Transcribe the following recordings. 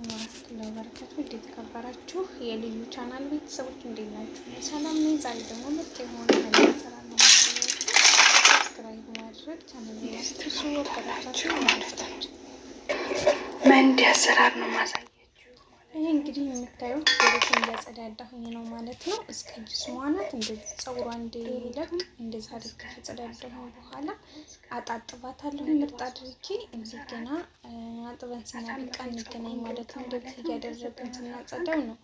ወራህመቱላሂ ወበረካቱ እንዴት ተከበራችሁ የልዩ ቻናል ቤተሰቦች እንዴት ናችሁ? ሰላም ነኝ። ዛሬ ደግሞ ምርጥ የሆነ ነገር ስራ ነው። ሰብስክራይብ ማድረግ ቻናል ያስተሱ ወራህመቱላሂ መንዲያ ስራ ነው ማሳየት ይሄ እንግዲህ የምታዩት ቤት እንዲያጸዳዳሁኝ ነው ማለት ነው። እስከ ጅስ መዋናት እንደዚህ ፀጉሯ እንዲለቅ እንደዚህ አድርጌ ከጸዳዳሁ በኋላ አጣጥባታለሁ ምርጥ አድርጌ። እዚህ ገና አጥበን ስናበቃ እንገናኝ ማለት ነው። እንደዚህ እያደረግን ስናጸዳው ነው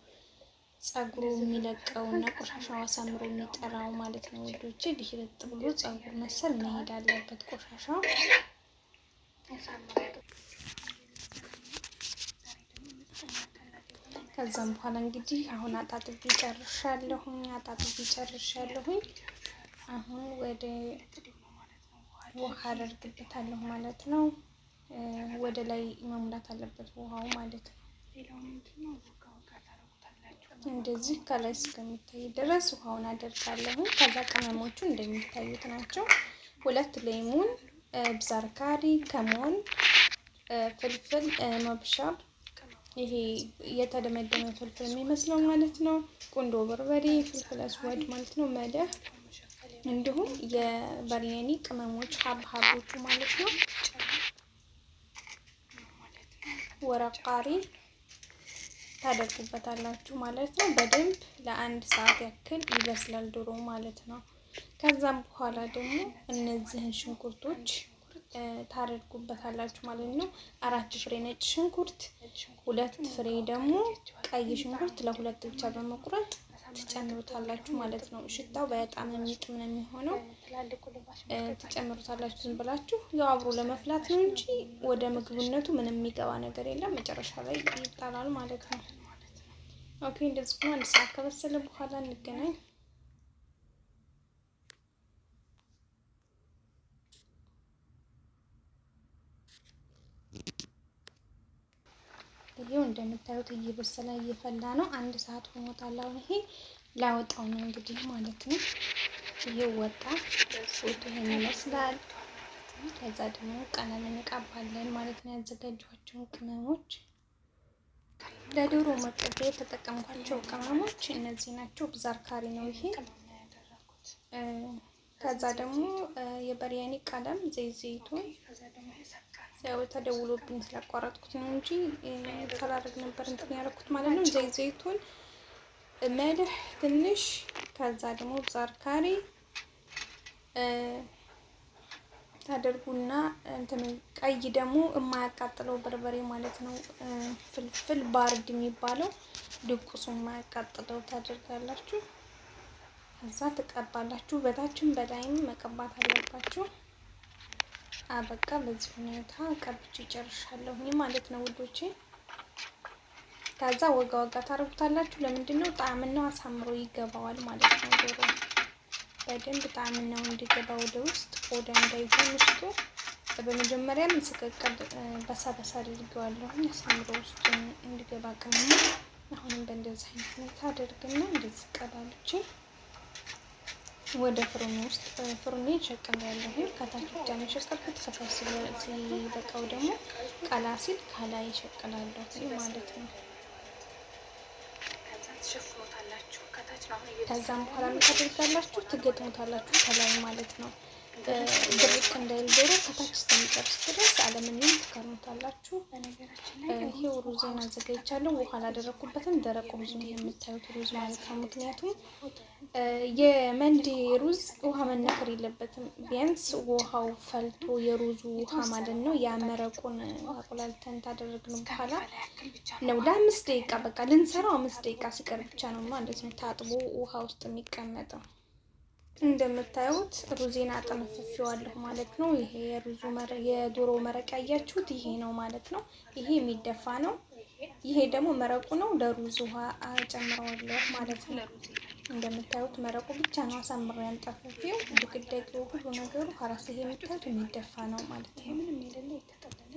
ጸጉሩ የሚለቀው እና ቆሻሻው አሳምሮ የሚጠራው ማለት ነው። ወዶች ሊረጥ ብሎ ጸጉር መሰል መሄድ አለበት ቆሻሻው ከዛም በኋላ እንግዲህ አሁን አጣጥቤ ጨርሻለሁኝ። አጣጥቤ ጨርሻለሁኝ። አሁን ወደ ውሃ አደርግበታለሁ ማለት ነው። ወደ ላይ መሙላት አለበት ውሃው ማለት ነው። እንደዚህ ከላይ እስከሚታይ ድረስ ውሃውን አደርጋለሁኝ። ከዛ ቅመሞቹ እንደሚታዩት ናቸው። ሁለት ሌሙን፣ ብዛርካሪ ከሞን፣ ፍልፍል መብሻ ይሄ የተደመደመ ፍልፍል የሚመስለው ማለት ነው። ቁንዶ በርበሬ፣ ፍልፍል አስዋድ ማለት ነው፣ መደህ እንዲሁም የበርያኒ ቅመሞች ሀብሀቦቹ ማለት ነው፣ ወረቃሪ ታደርጉበታላችሁ ማለት ነው። በደንብ ለአንድ ሰዓት ያክል ይበስላል ዶሮ ማለት ነው። ከዛም በኋላ ደግሞ እነዚህን ሽንኩርቶች ታደርጉበታላችሁ ማለት ነው። አራት ፍሬ ነጭ ሽንኩርት፣ ሁለት ፍሬ ደግሞ ቀይ ሽንኩርት ለሁለት ብቻ በመቁረጥ ትጨምሩታላችሁ ማለት ነው። ሽታው በጣም የሚጥም ነው የሚሆነው። ትጨምሩታላችሁ ዝም ብላችሁ ያው አብሮ ለመፍላት ነው እንጂ ወደ ምግብነቱ ምንም የሚገባ ነገር የለም። መጨረሻ ላይ ይጣላል ማለት ነው። ኦኬ እንደዚህ አንድ ሰዓት ከበሰለ በኋላ እንገናኝ። እንደምታዩት እየበሰለ እየፈላ ነው። አንድ ሰዓት ሆኖታል። አሁን ይሄ ላወጣው ነው እንግዲህ ማለት ነው። ይሄ ወጣ ፎቶ ይሄን ይመስላል። ከዛ ደግሞ ቀለም እንቀባለን ማለት ነው። ያዘጋጇቸውን ቅመሞች ለዶሮ መቀቤ የተጠቀምኳቸው ቅመሞች እነዚህ ናቸው። ብዛር ካሪ ነው ይሄ። ከዛ ደግሞ የበሪያኒ ቀለም ዘይት ዘይቱን ያው ተደውሎብኝ ስላቋረጥኩት ነው እንጂ ተላረግ ነበር እንትን ያደረኩት ማለት ነው። ዘይት ዘይቱን፣ መልህ ትንሽ፣ ከዛ ደግሞ ብዛር ካሪ ታደርጉና እንትን ቀይ ደግሞ የማያቃጥለው በርበሬ ማለት ነው። ፍልፍል ባርድ የሚባለው ድቁሱ የማያቃጥለው ታደርጋላችሁ። ከዛ ትቀባላችሁ። በታችን በላይም መቀባት አለባችሁ። በቃ በዚህ ሁኔታ ቀብቼ ጨርሻለሁኝ ማለት ነው ውዶቼ። ከዛ ወጋ ወጋ ታረጉታላችሁ። ለምንድን ነው ጣዕምናው አሳምሮ ይገባዋል ማለት ነው። ዶሮ በደንብ ጣዕምናው እንዲገባ ወደ ውስጥ ቆዳ እንዳይሆን ውስጡ በመጀመሪያም ስቀቀል በሳ በሳ አሳምሮ ውስጡ እንዲገባ ቅመሙ። አሁንም በእንደዚህ አይነት ሁኔታ አድርግና እንደዚህ ቀባልቼ ወደ ፍርኑ ውስጥ ፍርኑ ይሸቀም ያለ ያለሁ ከታች ብቻ ነው የሸቀልኩት። ሰፋ ሲበቃው ደግሞ ቀላ ሲል ከላይ ይሸቅላለሁ ማለት ነው። ከዛም በኋላ ታደርጋላችሁ ትገጥሙታላችሁ ከላይ ማለት ነው። ድርቅ እንዳይል ዶሮ ከታች እስከሚጨርስ ድረስ አለምንም ትከርሙታላችሁ። በነገራችን ላይ ይሄው ሩዝን አዘጋጅቻለሁ። ውሃ ላደረኩበትም ደረቅ ሩዝ ነው የምታዩት ሩዝ ማለት ነው። ምክንያቱም የመንዴ ሩዝ ውሃ መነከር የለበትም። ቢያንስ ውሃው ፈልቶ የሩዙ ውሃ ማለት ነው የመረቁን አቆላልተን ታደረግን በኋላ ነው ለአምስት ደቂቃ በቃ ልንሰራው አምስት ደቂቃ ሲቀር ብቻ ነው ማለት ነው ታጥቦ ውሃ ውስጥ የሚቀመጠው እንደምታዩት ሩዜን አጠነፍፌዋለሁ ማለት ነው። ይሄ የሩዙ የዶሮ መረቅ ያያችሁት ይሄ ነው ማለት ነው። ይሄ የሚደፋ ነው። ይሄ ደግሞ መረቁ ነው። ለሩዝ ውሃ አጨምረዋለሁ ማለት ነው። እንደምታዩት መረቁ ብቻ ነው አሳምሮ ያንጠፈፌው። ድቅዳቄው ሁሉ ነገሩ ከራስ ይሄ የምታዩት የሚደፋ ነው ማለት ነው። ምንም የሌለ የተጠለለ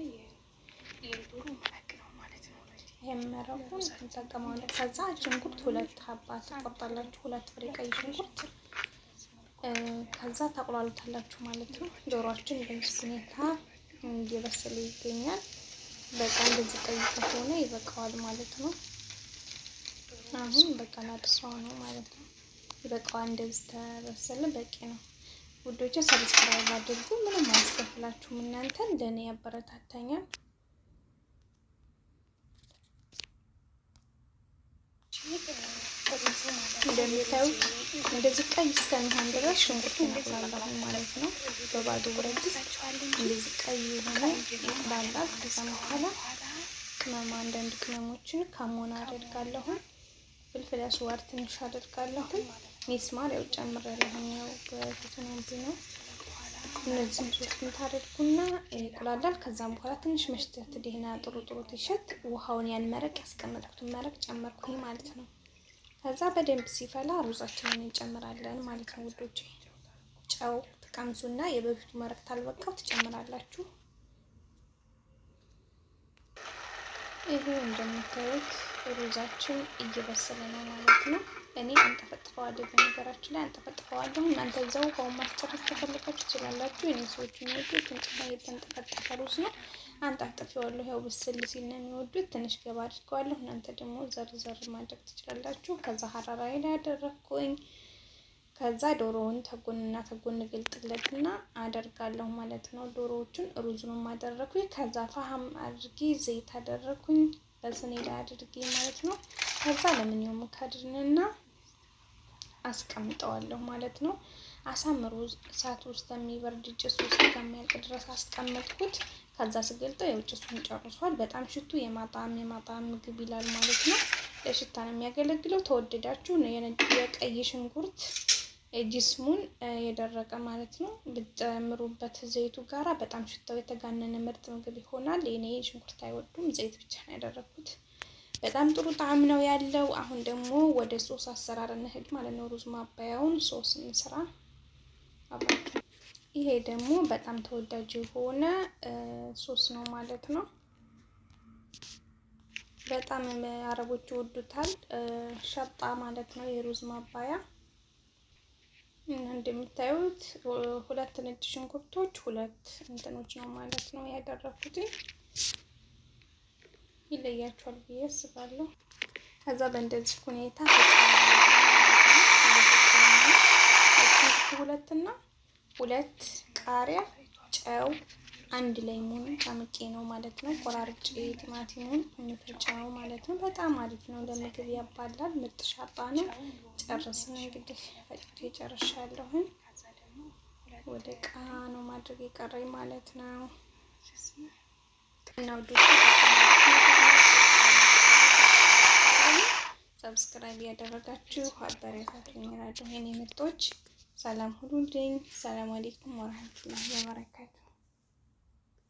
የዶሮ መረቅ ነው ማለት ነው። ይህም መረቁን እንጠቀመዋለን። ከዛ ሽንኩርት ሁለት ሀባ ትቆርጣላችሁ። ሁለት ፍሬ ቀይ ሽንኩርት ከዛ ታቁላሉታላችሁ ማለት ነው። ዶሯችን በዚህ ሁኔታ እየበሰለ ይገኛል። በቃ እንደዚህ ቀይ ከሆነ ይበቃዋል ማለት ነው። አሁን በቃ ላጥፋው ነው ማለት ነው። ይበቃዋል። እንደዚህ ተበሰለ በቂ ነው። ውዶቼ ሰብስክራይብ አድርጉ። ምንም አያስከፍላችሁም። እናንተ እንደኔ ያበረታታኛል። እንደምታዩ እንደዚህ ቀይ እስከሚሆን ድረስ ሽንኩርት እናቁላለሁ ማለት ነው። በባዶ ብረት እንደዚህ ቀይ የሆነ ይቁላላል። ከዛ በኋላ ቅመም አንዳንድ ቅመሞችን ካሞና አደርጋለሁን፣ ፍልፍል አስዋር ትንሽ አደርጋለሁን፣ ሚስማር ያው ጨምሬያለሁኝ። ያው በፊቱን አንዱ ነው። እነዚህም ሶስቱን ታደርጉና ይቁላላል። ከዛም በኋላ ትንሽ መሽተት ደህና ጥሩ ጥሩ ትሸት ውሃውን ያን መረቅ ያስቀመጥኩትን መረቅ ጨመርኩኝ ማለት ነው። ከዛ በደንብ ሲፈላ ሩዛችንን እንጨምራለን ማለት ነው ውዶች። ጨው ትቀምሱና የበፊቱ መረቅ ታልበቃው ትጨምራላችሁ። ይሄ እንደምታዩት ሩዛችን እየበሰለ ነው ማለት ነው። እኔ አንጠፈጥፈዋለሁ፣ በነገራችን ላይ አንጠፈጥፈዋለሁ። እናንተ እዛው ውሃውን ማስጨረስ ተፈልጋችሁ ትችላላችሁ። እኔ ሰዎች የሚወዱት እንጭና የተንጠፈጠፈ ሩዝ ነው። አንጣጥፊዋለሁ። ያው ብስል ሲል ነው የሚወዱት። ትንሽ ገባ አድርገዋለሁ። እናንተ ደግሞ ዘርዘር ማድረግ ትችላላችሁ። ከዛ ሀራራ ላይ ያደረግኩኝ ከዛ ዶሮውን ተጎንና ተጎን ግልጥለትና አደርጋለሁ ማለት ነው። ዶሮዎቹን ሩዙንም አደረኩኝ። ከዛ ፋሃም አድርጌ ዘይት አደረኩኝ በስኔ ላይ አድርጌ ማለት ነው። ከዛ ለምኛው መካድንና አስቀምጠዋለሁ ማለት ነው። አሳምሩ እሳት ውስጥ የሚበርድ ጭስ ውስጥ ከሚያልቅ ድረስ አስቀመጥኩት። ከዛ ስገልጠው ያው ጭሱን ጨርሷል። በጣም ሽቱ የማጣም የማጣም ምግብ ይላል ማለት ነው። ለሽታ ነው የሚያገለግለው። ተወደዳችሁ የነጭ የቀይ ሽንኩርት ጅስሙን የደረቀ ማለት ነው ብጨምሩበት ዘይቱ ጋራ በጣም ሽታው የተጋነነ ምርጥ ምግብ ይሆናል። እኔ ሽንኩርት አይወዱም፣ ዘይት ብቻ ነው ያደረኩት። በጣም ጥሩ ጣዕም ነው ያለው። አሁን ደግሞ ወደ ሶስ አሰራር እንሂድ ማለት ነው። ሩዝ ማባያውን ሶስ እንስራ። ይሄ ደግሞ በጣም ተወዳጅ የሆነ ሶስ ነው ማለት ነው። በጣም አረቦች ይወዱታል። ሸጣ ማለት ነው የሩዝ ማባያ። እንደምታዩት ሁለት ነጭ ሽንኩርቶች፣ ሁለት እንትኖች ነው ማለት ነው ያደረኩት። ይለያቸዋል ብዬ አስባለሁ። ከዛ በእንደዚህ ሁኔታ ሁለት እና ሁለት ቃሪያ፣ ጨው አንድ ላይ ሙን ጨምቄ ነው ማለት ነው። ቆራርጬ ቲማቲሙን እንፈጫው ማለት ነው። በጣም አሪፍ ነው፣ ለምግብ ያባላል። ምርጥ ሻጣ ነው። ጨርስን እንግዲህ ፈጭቼ ጨርሻለሁኝ። ወደ ቃ ነው ማድረግ የቀረኝ ማለት ነው እና ሰብስክራይብ ያደረጋችሁ አበረታቱኝ። ይሄኔ ምርጦች ሰላም ሁሉልኝ። ሰላም አሌይኩም ወራህመቱላሂ ወበረካቱ